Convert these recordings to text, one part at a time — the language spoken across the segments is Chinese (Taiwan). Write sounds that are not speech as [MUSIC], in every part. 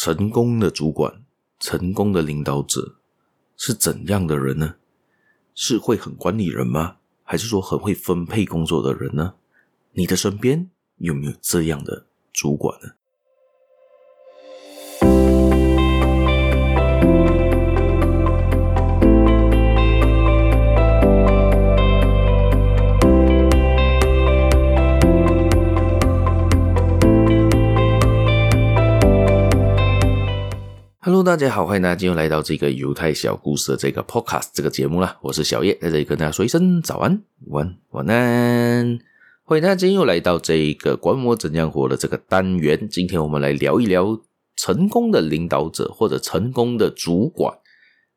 成功的主管，成功的領導者是怎樣的人呢？是會很管理人嗎？還是說很會分配工作的人呢？你的身邊有沒有這樣的主管呢？大家好，歡迎大家今天又來到這個猶太小故事的這個 podcast 這個節目啦，我是小葉，在這裡跟大家說一聲早安，晚安，晚安。歡迎大家今天又來到這個“管我怎樣活”的這個單元。今天我們來聊一聊成功的領導者或者成功的主管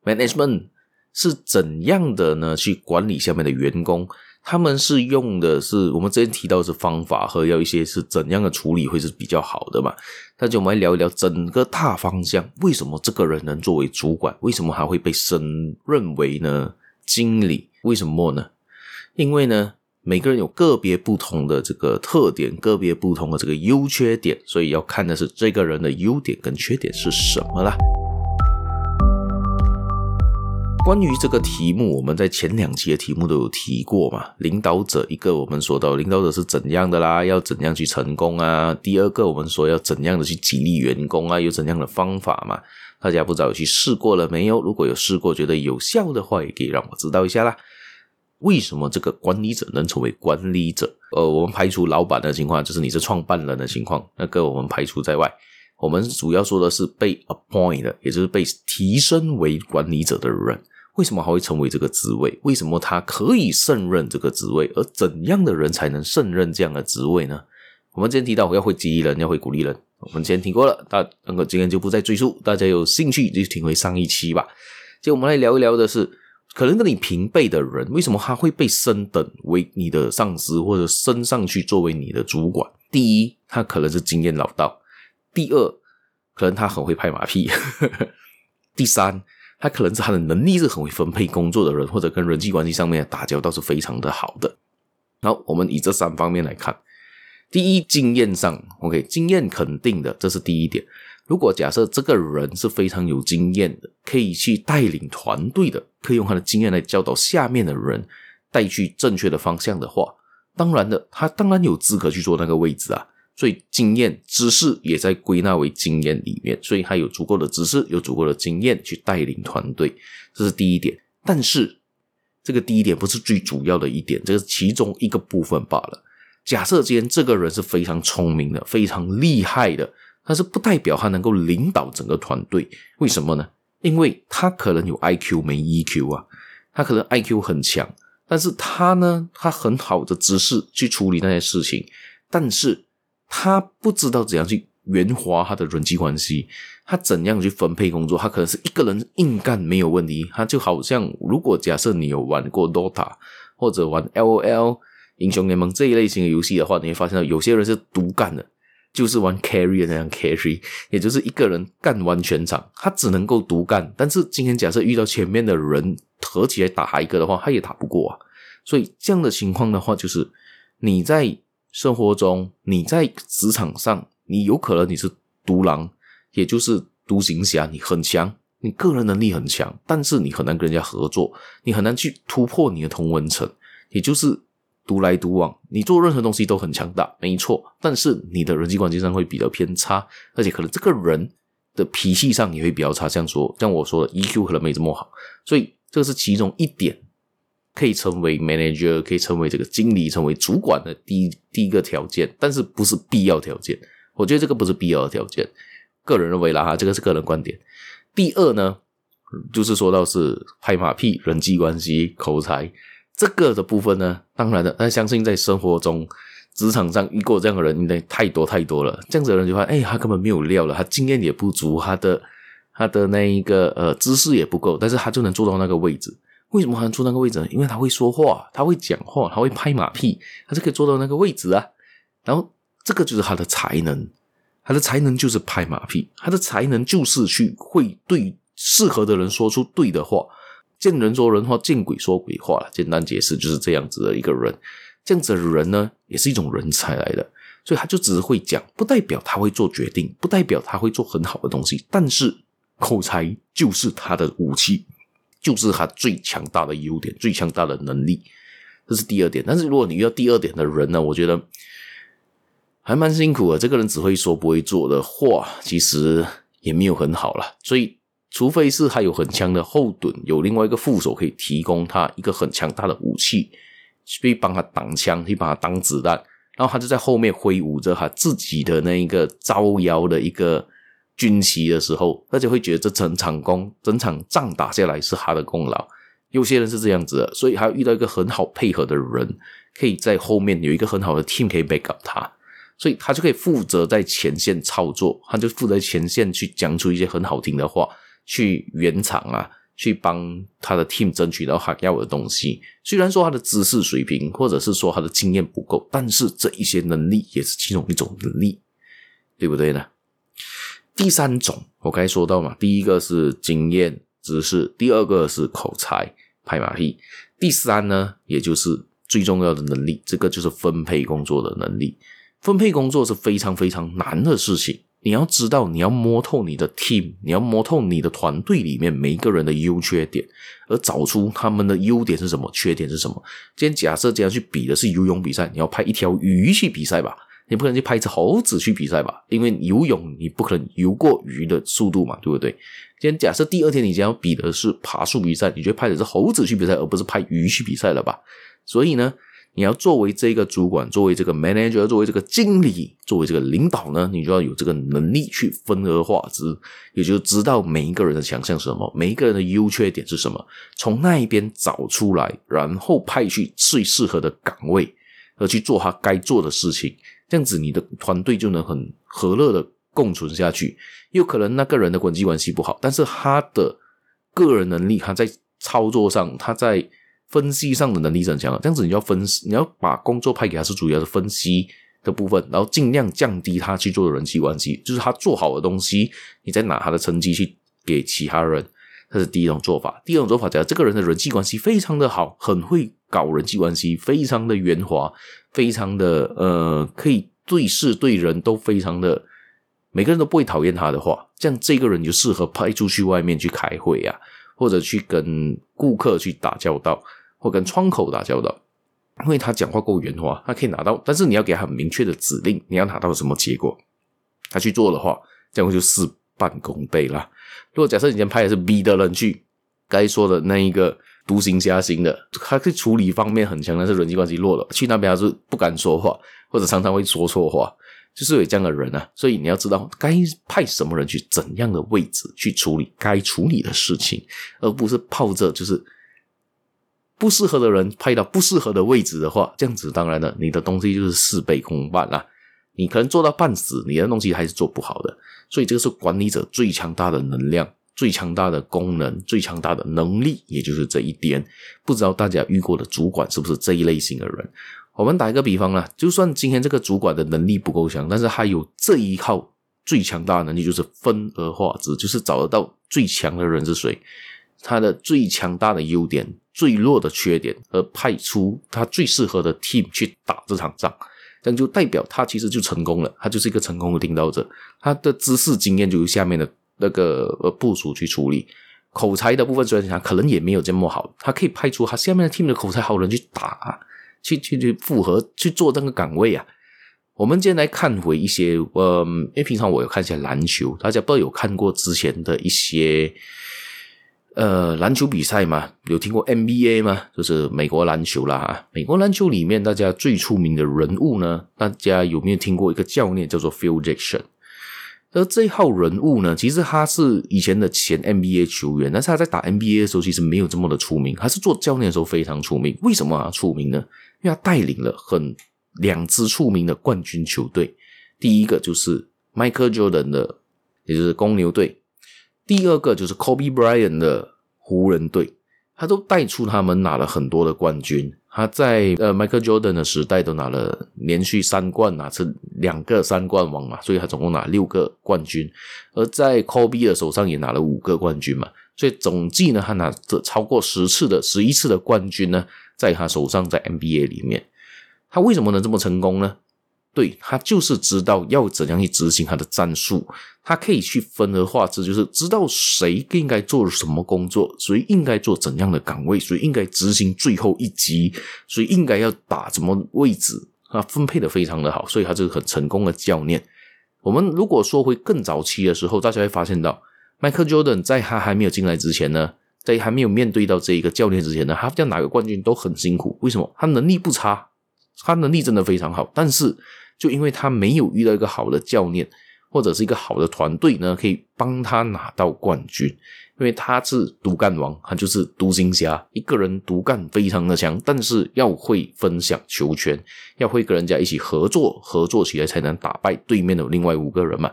management 是怎樣的呢？去管理下面的員工。他們是用的是我們之前提到的是方法和要一些是怎樣的處理會是比較好的嘛？那就我們來聊一聊整個大方向，為什麼這個人能作為主管？為什麼還會被升任為呢？經理為什麼呢？因為呢，每個人有個別不同的這個特點，個別不同的這個優缺點，所以要看的是這個人的優點跟缺點是什麼啦。關於這個題目，我們在前兩期的題目都有提過嘛？領導者一個，我們說到領導者是怎樣的啦，要怎樣去成功啊？第二個，我們說要怎樣的去激勵員工啊？有怎樣的方法嘛？大家不知道有去試過了沒有？如果有試過覺得有效的話，也可以讓我知道一下啦。為什麼這個管理者能成為管理者？呃，我們排除老板的情況，就是你是創辦人的情況，那個我們排除在外。我們主要說的是被 appoint，也就是被提升為管理者的人，為什麼他會成為這個職位？為什麼他可以勝任這個職位？而怎樣的人才能勝任這樣的職位呢？我們之前提到要會激勵人，要會鼓勵人，我們今天提過了，大，那個今天就不再贅述。大家有興趣就聽回上一期吧。就我們來聊一聊的是，可能跟你平輩的人，為什麼他會被升等為你的上司，或者升上去作為你的主管？第一，他可能是經驗老道。第二，可能他很會拍馬屁； [LAUGHS] 第三，他可能是他的能力是很會分配工作的人，或者跟人際關係上面打交道是非常的好的。好，我們以這三方面來看：第一，經驗上，OK，經驗肯定的，這是第一點。如果假設這個人是非常有經驗的，可以去帶領團隊的，可以用他的經驗來教導下面的人，帶去正確的方向的話，當然的，他當然有資格去做那個位置啊。所以經驗知識也在歸納為經驗裡面，所以他有足夠的知識，有足夠的經驗去帶領團隊，這是第一點。但是，這個第一點不是最主要的一點，這個是其中一個部分罷了。假設今天這個人是非常聰明的，非常厲害的，但是不代表他能夠領導整個團隊。為什麼呢？因為他可能有 IQ 沒 EQ 啊，他可能 IQ 很強，但是他呢，他很好的知識去處理那些事情，但是。他不知道怎樣去圓滑他的人際關係，他怎樣去分配工作？他可能是一個人硬幹沒有問題。他就好像，如果假設你有玩過 Dota 或者玩 LOL 英雄聯盟這一類型的遊戲的話，你會發現，有些人是獨幹的，就是玩 carry 的那樣 carry，也就是一個人幹完全場，他只能夠獨幹。但是今天假設遇到前面的人合起來打他一個的話，他也打不過啊。所以這樣的情況的話，就是你在。生活中，你在職場上，你有可能你是獨狼，也就是獨行俠，你很強，你個人能力很強，但是你很難跟人家合作，你很難去突破你的同溫層，也就是獨來獨往，你做任何東西都很強大，沒錯，但是你的人際關係上會比較偏差，而且可能這個人的脾氣上也會比較差，像說，像我說的，EQ 可能沒這麼好，所以這是其中一點。可以成為 manager，可以成為這個經理，成為主管的第一第一個條件，但是不是必要條件。我覺得這個不是必要的條件，個人認為啦哈，這個是個人觀點。第二呢，就是說到是拍馬屁、人際關係、口才這個的部分呢，當然的，他相信在生活中、職場上，遇過這樣的人應該太多太多了。這樣子的人就會，哎，他根本沒有料了，他經驗也不足，他的他的那一個呃知識也不夠，但是他就能做到那個位置。為什麼還能坐那個位置呢？因為他會說話，他會講話，他會拍馬屁，他是可以坐到那個位置啊。然後這個就是他的才能，他的才能就是拍馬屁，他的才能就是去會對適合的人說出對的話，見人說人話，見鬼說鬼話，簡單解釋就是這樣子的一個人，這樣子的人呢，也是一種人才來的。所以他就只是會講，不代表他會做決定，不代表他會做很好的東西。但是口才就是他的武器。就是他最強大的優點，最強大的能力，這是第二點。但是如果你遇到第二點的人呢，我覺得還蠻辛苦的。這個人只會說不會做的話，其實也沒有很好啦。所以，除非是他有很強的後盾，有另外一個副手可以提供他一個很強大的武器，去幫他擋槍，去幫他擋子彈，然後他就在後面揮舞着他自己的那一個招搖的一個。軍旗的時候，大家會覺得這整場功，整場仗打下來是他的功勞。有些人是這樣子的，所以還要遇到一個很好配合的人，可以在後面有一個很好的 team 可以 backup 他，所以他就可以負責在前線操作，他就負責前線去講出一些很好聽的話，去圓場啊，去幫他的 team 爭取到他要的東西。雖然說他的知識水平或者是說他的經驗不夠，但是這一些能力也是其中一種能力，對不對呢？第三種，我剛才說到嘛，第一個是經驗知識，第二個是口才拍馬屁，第三呢，也就是最重要的能力，這個就是分配工作的能力。分配工作是非常非常難的事情，你要知道，你要摸透你的 team，你要摸透你的團隊裡面每一個人的優缺點，而找出他們的優點是什麼，缺點是什麼。今天假設這樣去比的是游泳比賽，你要派一條魚去比賽吧。你不可能去派一隻猴子去比賽吧？因為游泳你不可能游過魚的速度嘛，對不對？今天假設第二天你將要比的是爬樹比賽，你覺得派的是猴子去比賽，而不是派魚去比賽了吧？所以呢，你要作為這個主管，作為這個 manager，作為這個經理，作為這個領導呢，你就要有這個能力去分而化之，也就是知道每一個人的強項是什麼，每一個人的優缺點是什麼，從那一邊找出來，然後派去最適合的崗位，而去做他該做的事情。這樣子，你的團隊就能很和樂的共存下去。有可能那個人的人際關係不好，但是他的個人能力，他在操作上，他在分析上的能力很強。這樣子，你要分析，你要把工作派給他是主要的分析的部分，然後盡量降低他去做的人際關係。就是他做好的東西，你再拿他的成績去給其他人。這是第一種做法。第二種做法，假如這個人的人際關係非常的好，很會搞人際關係，非常的圓滑，非常的呃，可以對事對人都非常的，每個人都不會討厭他的話，這樣這個人就適合派出去外面去開會啊，或者去跟顧客去打交道，或跟窗口打交道，因為他講話夠圓滑，他可以拿到，但是你要給他很明確的指令，你要拿到什麼結果，他去做的話，這樣就適。半功倍啦！如果假設你今天派的是 B 的人去，該說的那一個獨行俠型的，他去處理方面很強，但是人際關係弱了，去那邊他是不敢說話，或者常常會說錯話，就是有這樣的人啊。所以你要知道該派什麼人去怎樣的位置去處理該處理的事情，而不是泡着就是不適合的人派到不適合的位置的話，這樣子當然呢，你的東西就是事倍功半啦、啊。你可能做到半死，你的東西還是做不好的。所以，這個是管理者最強大的能量、最強大的功能、最強大的能力，也就是這一點。不知道大家遇過的主管是不是這一類型的人？我們打一個比方啦，就算今天這個主管的能力不夠強，但是他有這一套最強大的能力，就是分而化之，就是找得到最強的人是誰，他的最強大的優點、最弱的缺點，而派出他最適合的 team 去打這場仗。這樣就代表他其實就成功了，他就是一個成功的領導者，他的知識經驗就由下面的那個部屬去處理，口才的部分雖然可能也沒有這麼好，他可以派出他下面的 team 的口才好人去打，去去去復合去做這個崗位啊。我們今天來看回一些，嗯、呃，因為平常我有看一些籃球，大家不知道有看過之前的一些。呃，籃球比賽嘛，有聽過 NBA 嗎？就是美國籃球啦，啊，哈。美國籃球裡面，大家最出名的人物呢，大家有沒有聽過一個教練叫做 Phil Jackson？而這一號人物呢，其實他是以前的前 NBA 球員，但是他在打 NBA 的時候其實沒有這麼的出名，他是做教練的時候非常出名。為什麼他出名呢？因為他帶領了很兩支出名的冠軍球隊，第一個就是 Michael Jordan 的，也就是公牛隊。第二個就是 Kobe Bryant 的湖人隊，他都帶出他們拿了很多的冠軍。他在呃 Michael Jordan 的時代都拿了連續三冠，拿次兩個三冠王嘛，所以他總共拿六個冠軍。而在 Kobe 的手上也拿了五個冠軍嘛，所以總計呢，他拿這超過十次的十一次的冠軍呢，在他手上在 NBA 裡面，他為什麼能這麼成功呢？對，他就是知道要怎樣去執行他的戰術，他可以去分而化之，這就是知道誰應該做什麼工作，所以應該做怎樣的崗位，所以應該執行最後一擊，所以應該要打什麼位置，他分配的非常的好，所以他就是很成功的教練。我們如果說回更早期的時候，大家會發現到，Michael Jordan 在他還沒有進來之前呢，在還沒有面對到這一個教練之前呢，他拿哪個冠軍都很辛苦。為什麼？他能力不差，他能力真的非常好，但是。就因為他沒有遇到一個好的教練，或者是一個好的團隊呢，可以幫他拿到冠軍。因為他是獨幹王，他就是獨行俠，一個人獨幹非常的強，但是要會分享球權，要會跟人家一起合作，合作起來才能打敗對面的另外五個人嘛。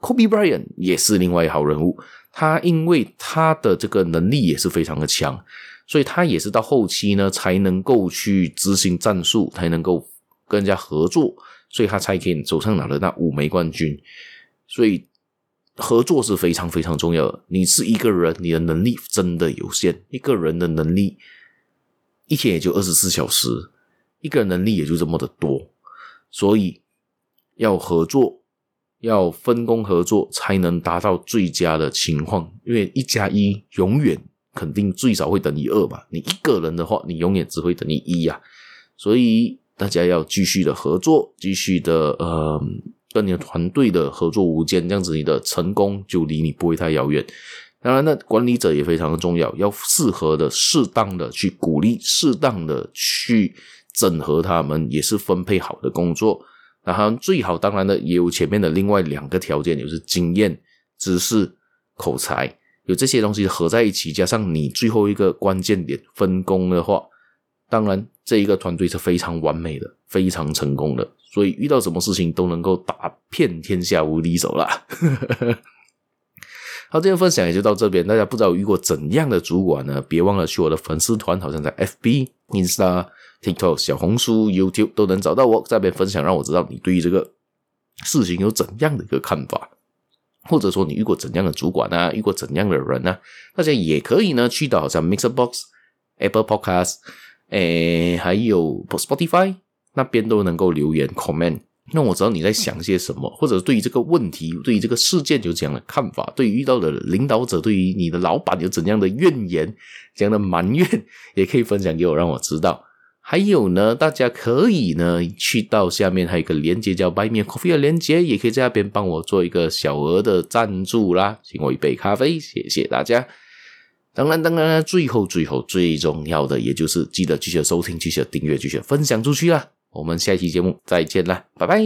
Kobe Bryant 也是另外一號人物，他因為他的這個能力也是非常的強，所以他也是到後期呢才能夠去執行戰術，才能夠。跟人家合作，所以他才可以你走上拿了那五枚冠軍。所以合作是非常非常重要的。你是一個人，你的能力真的有限。一個人的能力一天也就二十四小時，一個人能力也就這麼的多。所以要合作，要分工合作，才能達到最佳的情況。因為一加一永遠肯定最少會等於二吧？你一個人的話，你永遠只會等於一呀。所以。大家要繼續的合作，繼續的呃，跟你的團隊的合作無間，這樣子你的成功就離你不會太遙遠。當然呢，管理者也非常的重要，要適合的、適當的去鼓勵，適當的去整合他們，也是分配好的工作。然後最好，當然呢，也有前面的另外兩個條件，就是經驗、知識、口才，有這些東西合在一起，加上你最後一個關鍵點，分工的話。當然，這一個團隊是非常完美的，非常成功的，所以遇到什麼事情都能夠打遍天下無敵手啦。 [LAUGHS] 好，今天分享也就到這邊。大家不知道遇過怎樣的主管呢？別忘了去我的粉絲團，好像在 FB、Insta、TikTok、小紅書、YouTube 都能找到我這邊分享，讓我知道你對於這個事情有怎樣的一個看法，或者說你遇過怎樣的主管呢、啊？遇過怎樣的人呢、啊？大家也可以呢去到好像 MixerBox、Apple Podcast。誒，還有 Spotify 那邊都能夠留言 comment，讓我知道你在想些什麼，或者對於這個問題、對於這個事件有怎樣的看法，對於遇到的領導者、對於你的老板有怎樣的怨言、怎樣的埋怨，也可以分享給我，讓我知道。還有呢，大家可以呢去到下面還有一個連接叫白面 e e 的連接，也可以在那邊幫我做一個小額的贊助啦，請我一杯咖啡，謝謝大家。當然，當然，最後，最後，最重要的，也就是記得繼續收聽，繼續訂閱，繼續分享出去啦。我們下一期節目再見啦，拜拜。